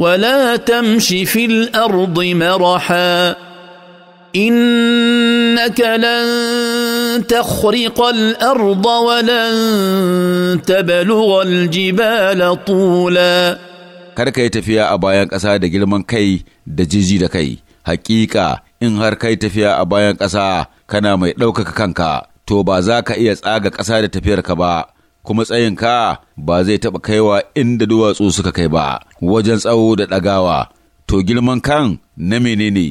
ولا تمش في الارض مرحا انك لن تخرق الارض ولن تبلغ الجبال طولا karka yi tafiya a bayan ƙasa da girman kai da jiji da kai hakika in har kai tafiya a bayan ƙasa kana mai ɗaukaka kanka to ba za ka iya tsaga ƙasa da tafiyarka ba kuma tsayinka ba zai taɓa kaiwa inda duwatsu suka kai ba wajen tsawo da ɗagawa, to girman kan na menene?